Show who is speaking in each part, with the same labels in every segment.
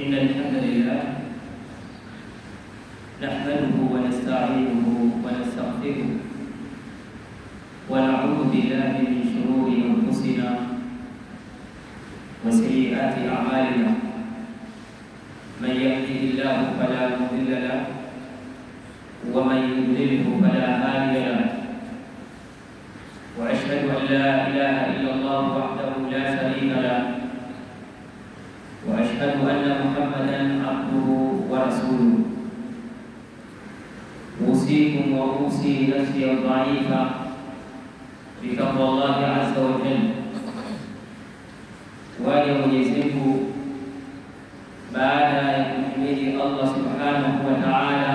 Speaker 1: إن الحمد لله نحمده ونستعينه ونستغفره ونعوذ بالله من شرور أنفسنا وسيئات أعمالنا من يهده الله فلا مضل له ومن يضلله فلا هادي له وأشهد أن لا إله إلا الله وحده لا شريك له أشهد أن محمدا عبده ورسوله أوصيكم وأوصي نفسي الضعيفة بتقوى الله عز وجل وأن يجزمه بعد تحميد الله سبحانه وتعالى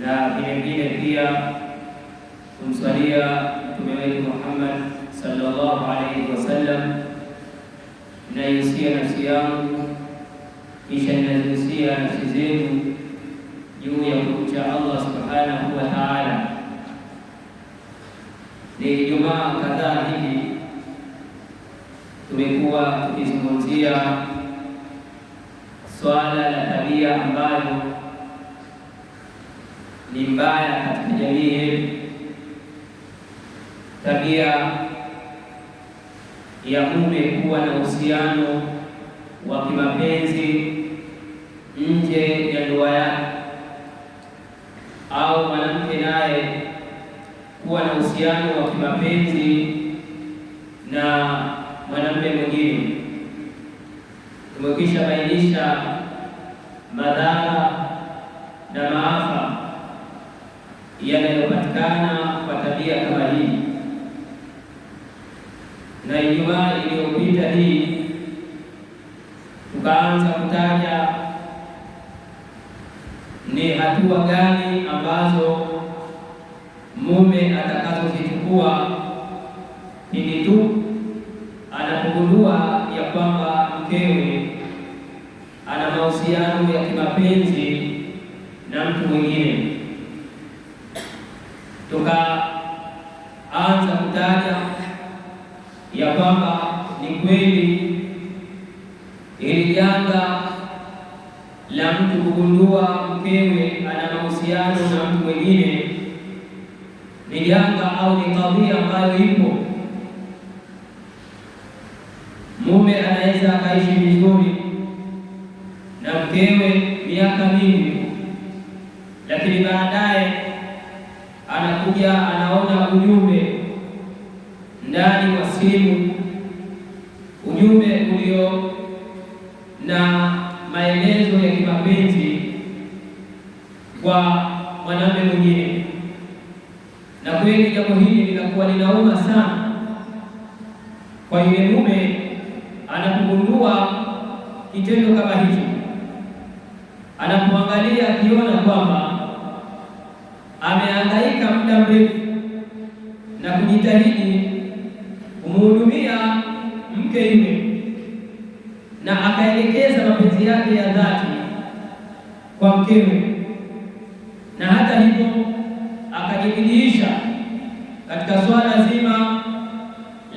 Speaker 1: لا بعبدين فيا ثم صلي محمد صلى الله عليه وسلم ninaihisia nafsi yangu, kisha ninazihisia nafsi zenu juu ya kumcha Allah subhanahu wa ta'ala. Ni jumaa kadhaa hivi tumekuwa tukizungumzia swala la tabia ambayo ni mbaya katika jamii yetu, tabia ya mume kuwa na uhusiano wa kimapenzi nje ya ndoa yake, au mwanamke naye kuwa na uhusiano wa kimapenzi na mwanamume mwingine. Tumekwisha bainisha madhara na maafa yanayopatikana kwa tabia kama hii na Ijumaa iliyopita hii tukaanza kutaja ni hatua gani ambazo mume atakazozichukua ili tu anapogundua ya kwamba mkewe ana mahusiano ya kimapenzi na mtu mwingine. kwamba ni kweli ili janga la mtu kugundua mkewe ana mahusiano na mtu mwingine ni janga au ni kadhia ambayo ipo. Mume anaweza akaishi vizuri na mkewe miaka mingi, lakini baadaye anakuja anaona ujumbe ndani wa simu ulio na maelezo ya kimapenzi kwa mwanamume mwingine, na kweli jambo hili linakuwa linauma sana kwa yule mume anapogundua kitendo kama hicho, anapoangalia akiona kwamba ameangaika muda mrefu na kujitahidi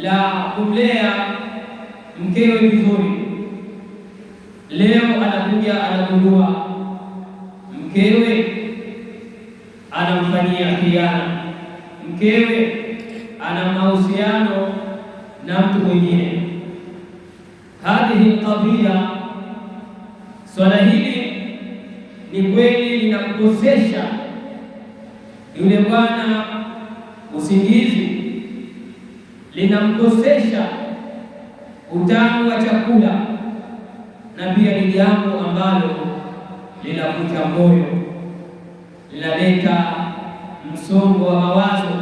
Speaker 1: la kumlea mkewe vizuri. Leo anakuja anagundua mkewe anamfanyia kiana mkewe ana mahusiano na mtu mwingine. Hadhihi qadhiya, swala hili ni kweli linakukosesha yule bwana usingizi linamkosesha utamu wa chakula na pia ni jambo ambalo linavuta moyo, linaleta msongo wa mawazo.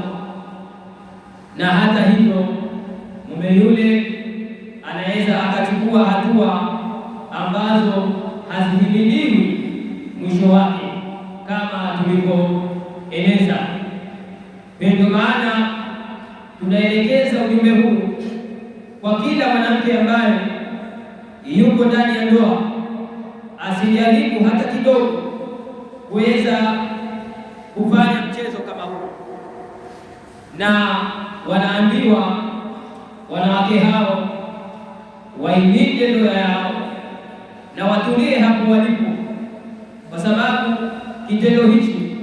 Speaker 1: Na hata hivyo, mume yule anaweza akachukua hatua ambazo hazihimiliwi mwisho wake, kama tulivyoeleza. Ndio maana tuna ujumbe huu kwa kila mwanamke ambaye yuko ndani ya ndoa, asijaribu hata kidogo kuweza kufanya mchezo kama huu, na wanaambiwa wanawake hao wailinde ndoa yao na watulie hapo walipo, kwa sababu kitendo hichi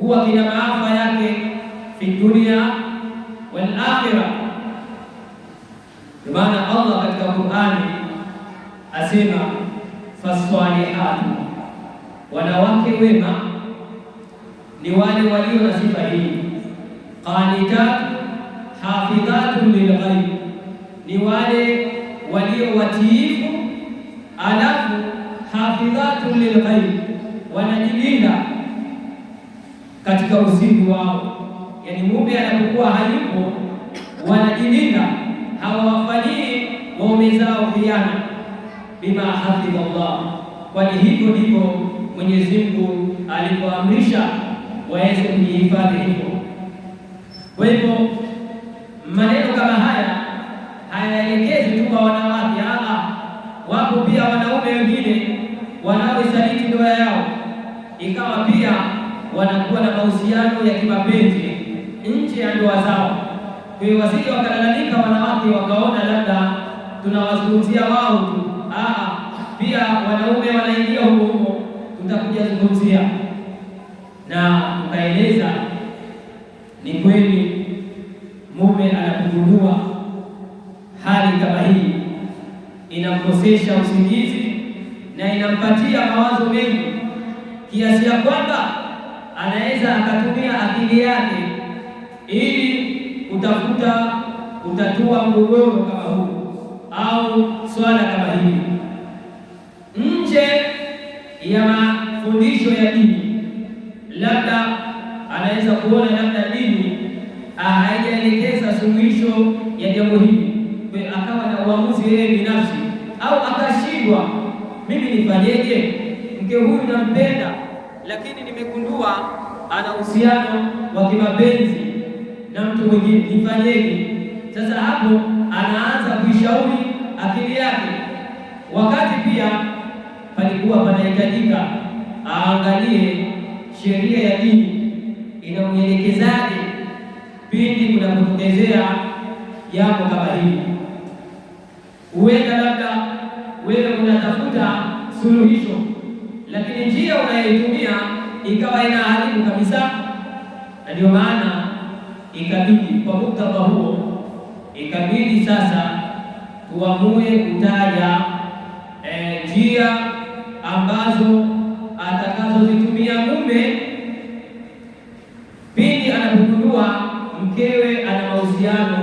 Speaker 1: huwa kina maafa yake fi dunia wal akhirah maana Allah katika Qur'ani asema faswalihatu, wanawake wema ni wale walio na sifa hii. Qanitat hafidhatun lilghaib, ni wale walio watiifu, alafu hafidhatu lilghaib, wanajilinda katika usiku wao, yani mume anapokuwa hayupo wanajilinda hawawafanyii waume zao hiana, bima hafidha Allah, kwani hivyo ndivyo Mwenyezi Mungu alipoamrisha waweze kujihifadhi hivyo. Kwa hivyo maneno kama haya hayaelekezi tu kwa wanawake, ala, wapo pia wanaume wengine wanaoisaliti ndoa yao, ikawa pia wanakuwa na mahusiano ya kimapenzi nje ya ndoa zao viwaziri wakalalamika, wanawake wakaona labda tunawazungumzia wao tu, ah, pia wanaume wanaingia huko huko, tutakuja zungumzia na ukaeleza Ni kweli mume anapogundua hali kama hii inamkosesha usingizi na inampatia mawazo mengi kiasi ya kwamba anaweza akatumia akili yake ili kutafuta kutatua mgogoro kama huu au swala kama hili nje ya mafundisho ya dini, labda anaweza kuona labda dini ah, haijaelekeza suluhisho ya jambo hili, akawa na uamuzi yeye binafsi au akashindwa, mimi nifanyeje? Mke huyu nampenda, lakini nimegundua ana uhusiano wa kimapenzi na mtu mwingine, nifanyeni. Sasa hapo anaanza kuishauri akili yake, wakati pia palikuwa panahitajika aangalie sheria ya dini inamwelekezaje pindi kunapotokezea jambo kama hili. Huenda labda wewe unatafuta suluhisho, lakini njia unayoitumia ikawa inaharibu kabisa, na ndio maana ikabidi kwa muktadha huo, ikabidi sasa tuamue kutaja eh, njia e, ambazo atakazozitumia mume pindi anapogundua mkewe ana mahusiano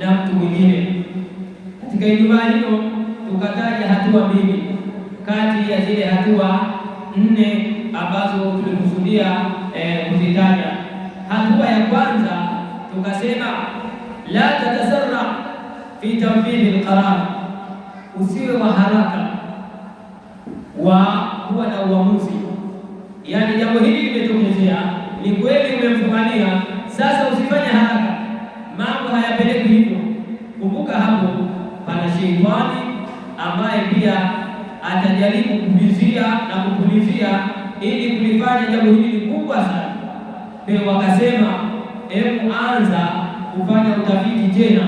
Speaker 1: na mtu mwingine. Katika Ijumaa hiyo tukataja hatua mbili kati ya zile hatua nne ambazo tulikusudia eh, kuzitaja. E, hatua ya kwanza tukasema la tatasarra fi tanfidhi alqarar, usiwe wa haraka wa kuwa na uamuzi. yani jambo hili limetokezea, ni kweli umemfumania, sasa usifanye haraka, mambo hayapeleki hivyo. Kumbuka hapo pana sheitani ambaye pia atajaribu kuvizia na kupulizia ili kulifanya jambo hili kubwa sana. Kwa wakasema hebu anza kufanya utafiti tena,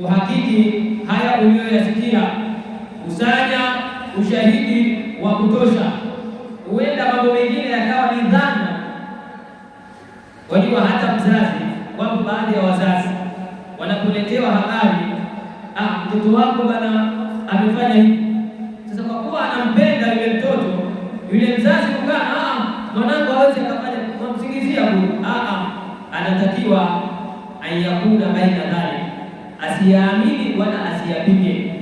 Speaker 1: uhakiki haya uliyoyasikia, kusanya ushahidi wa kutosha. Huenda mambo mengine yakawa ni dhana. Wajua hata mzazi, wapo baadhi ya wazazi wanakuletewa habari, ah, mtoto wako bana amefanya hivi. Sasa kwa kuwa anampenda yule mtoto, yule mzazi anatakiwa ayakuna baina dhali, asiyaamini wala asiyapinge.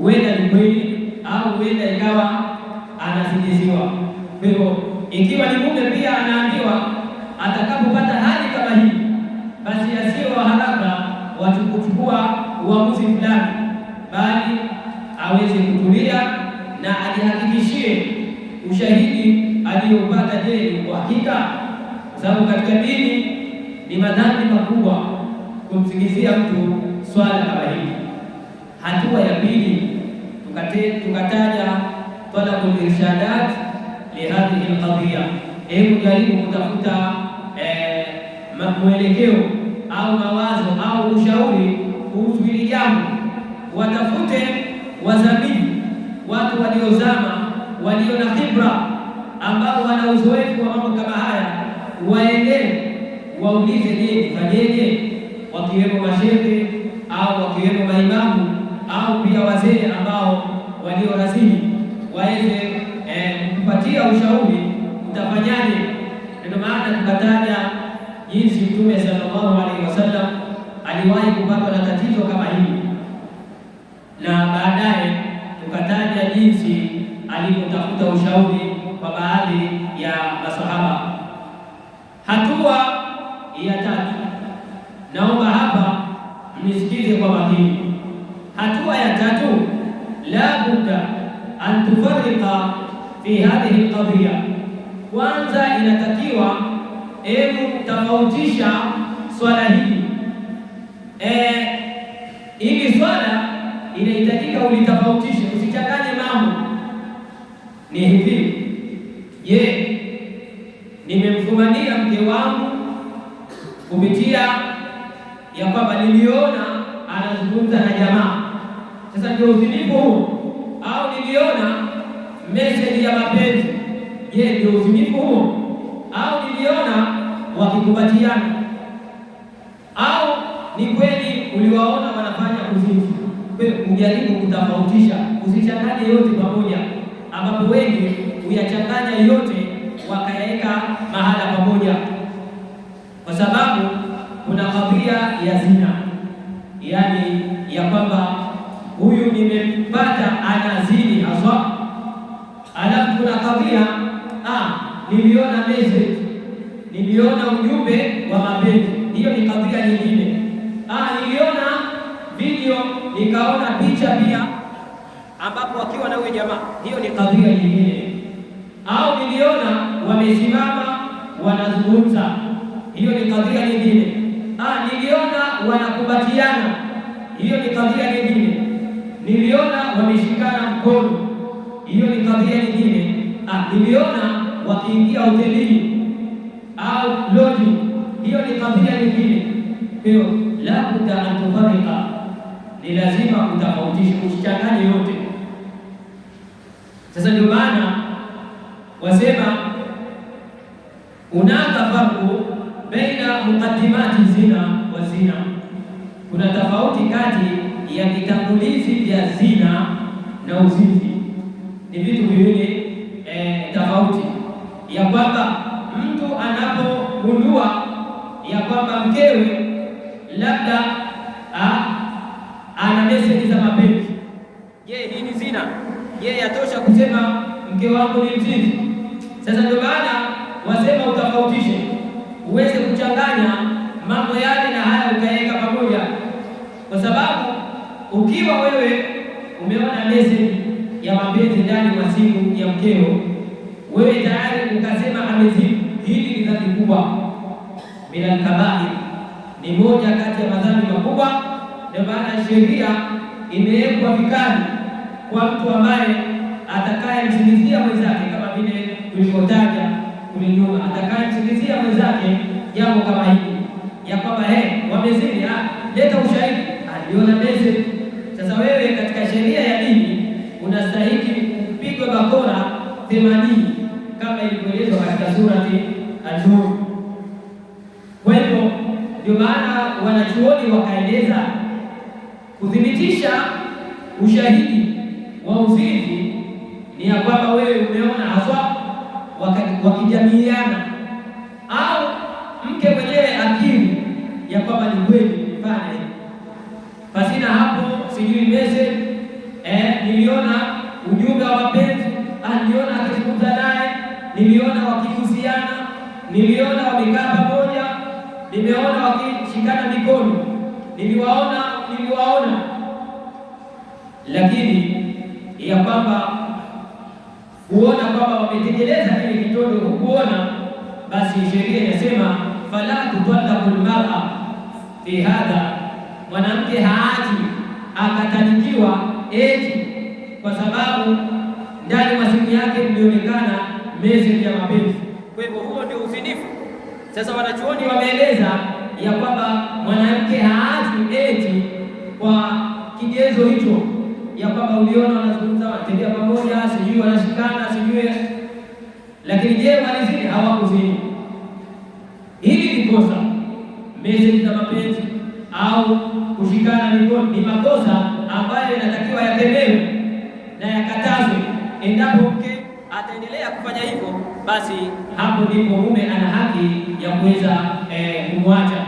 Speaker 1: Huenda ni kweli au huenda ikawa anasingiziwa. Kwa hivyo, ikiwa ni mume pia anaambiwa atakapopata hali kama hii, basi asiyo wa haraka watukuchukua uamuzi fulani, bali aweze kutulia na ajihakikishie ushahidi aliyopata. Je, ni uhakika? Kwa sababu katika dini ni madhambi makubwa kumsingizia mtu swala kama hili. Hatua ya pili tukataja talabu irshadat lihadhihi alqadhiya. Hebu jaribu kutafuta eh, mwelekeo au mawazo au ushauri kuhusu hili jambo, watafute wazamini, watu waliozama, walio na khibra, ambao wana uzoefu wa mambo kama haya, waendee waulize, je, nifanyeje? Wakiwemo mashehe au wakiwemo maimamu au pia wazee ambao walio rasimi waweze kupatia eh, ushauri, utafanyaje? Ndio maana tukataja jinsi Mtume sallallahu alaihi wasallam aliwahi kupatwa na tatizo kama hili, na baadaye tukataja jinsi alipotafuta ushauri kwa baadhi ya masahaba. hadhihi yaani lqadhiya. Kwanza inatakiwa hebu tofautisha swala hili eh, ili swala inahitajika ulitofautishe, usichanganye mambo. Ni hivi, je, nimemfumania mke wangu kupitia ya kwamba niliona anazungumza na jamaa, sasa ndio uzinifu au niliona message ya mapenzi. Je, ndio uzinifu huo au niliona wakikubatiana? au ni kweli uliwaona wanafanya uzinzi? Ujaribu kutofautisha, usichanganye yote pamoja, ambapo wengi huyachanganya yote wakayaweka mahala pamoja, kwa sababu kuna kadhia ya zina, yaani ya kwamba huyu nimempata ana kahawia, ah, niliona message, niliona ujumbe wa mapenzi. Hiyo ni kadhia nyingine. Ah, niliona video, nikaona picha pia, ambapo wakiwa na huyo jamaa. Hiyo ni kadhia nyingine. Au niliona wamesimama wanazungumza, hiyo ni kadhia nyingine. Ah, niliona wanakubatiana, hiyo ni kadhia nyingine. Niliona wameshikana mkono, hiyo ni kadhia nyingine. Ah, niliona wakiingia hotelini au loji, hiyo ni kadhia nyingine. Hiyo la budda an ni lazima utafautishe, usichanganye yote. Sasa ndio maana wasema unaka farku baina muqaddimati zina wa zina, kuna tofauti kati ya vitangulizi vya zina na uzinzi, ni vitu viwili kwamba mkewe labda ah, ana meseji za mapenzi. Je, hii ni zina? Je, yatosha kusema mke wangu ni mzinzi? Sasa ndio maana wasema utofautishe, uweze kuchanganya mambo yale na haya ukaweka pamoja, kwa sababu ukiwa wewe umeona meseji ya mapenzi ndani ya simu ya mkeo, wewe tayari ukasema amezini, hili ni dhambi kubwa min alkabair ni moja kati ya madhambi makubwa. Ndio maana sheria imewekwa vikali kwa mtu ambaye atakayemsingizia mwenzake, kama vile tulivyotaja kule nyuma, atakayemsingizia mwenzake jambo kama hili ya kwamba he, wamezini, leta ushahidi aliona mezi. Sasa wewe katika sheria ya dini unastahili kupigwa bakora themanini kama ilivyoelezwa katika surati An-Nur. Ndio maana wanachuoni wakaeleza kuthibitisha ushahidi wa uzinzi ni ya kwamba wewe umeona haswa wakijamiiana, au mke mwenyewe akili ya kwamba ni kweli pale pasina hapo, sijui message eh, niliona ujumbe wa nimeona wakishikana mikono, niliwaona niliwaona, lakini ya kwamba kuona kwamba wametekeleza kile kitendo kuona, basi sheria inasema fala tutallaqu lmara fi hadha, mwanamke haaji akatanikiwa eti kwa sababu ndani mwa yake mlionekana mezi ya mapenzi. Kwa hivyo huo ndio uzinifu. Sasa wanachuoni wameeleza ya kwamba mwanamke haazi eti kwa kigezo hicho, ya kwamba uliona wanazungumza wanatembea pamoja, sijui wanashikana, sijui lakini je, walizini? Hawakuzini. Hili ni kosa. Meseji za mapenzi au kushikana mikono ni makosa ambayo inatakiwa yakemewe na yakatazwe. Endapo mke ataendelea kufanya hivyo, basi hapo ndipo mume ana haki ya kuweza e, kumwacha.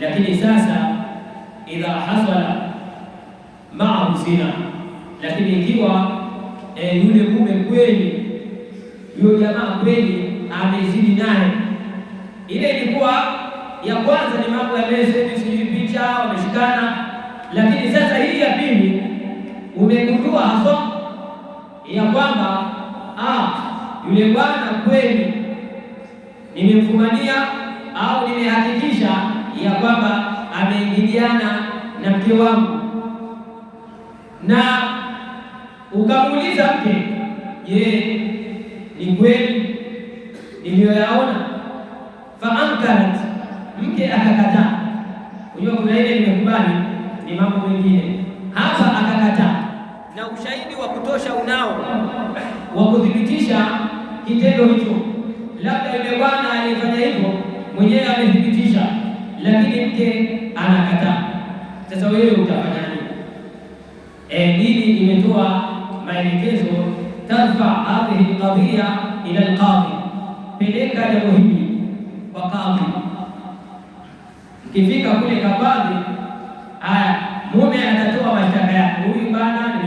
Speaker 1: Lakini sasa idha hasala maahu zina, lakini ikiwa e, yule mume kweli, yule jamaa kweli amezidi naye, ile ilikuwa ya kwanza ni mambo ya meseji, sijui picha, wameshikana. Lakini sasa hii ya pili umegundua haswa ya kwamba ah, yule bwana kweli nimemfumania au nimehakikisha ya kwamba ameingiliana na mke wangu, na ukamuuliza mke, je, ni kweli niliyoyaona? Faankarat, mke akakataa. Unajua kuna ile nimekubali ni mambo mengine hapa, akakataa na ushahidi wa kutosha unao wa kudhibitisha kitendo hicho. Labda yule bwana alifanya hivyo mwenyewe amethibitisha, lakini mke anakataa. Sasa wewe nini? E, dini imetoa maelekezo, tarfa hadhihi alqadhiya ila alqadhi, peleka jambo hili kwa kadhi. Ikifika kule kabadhi, haya, mume atatoa mashtaka yake, huyu bwana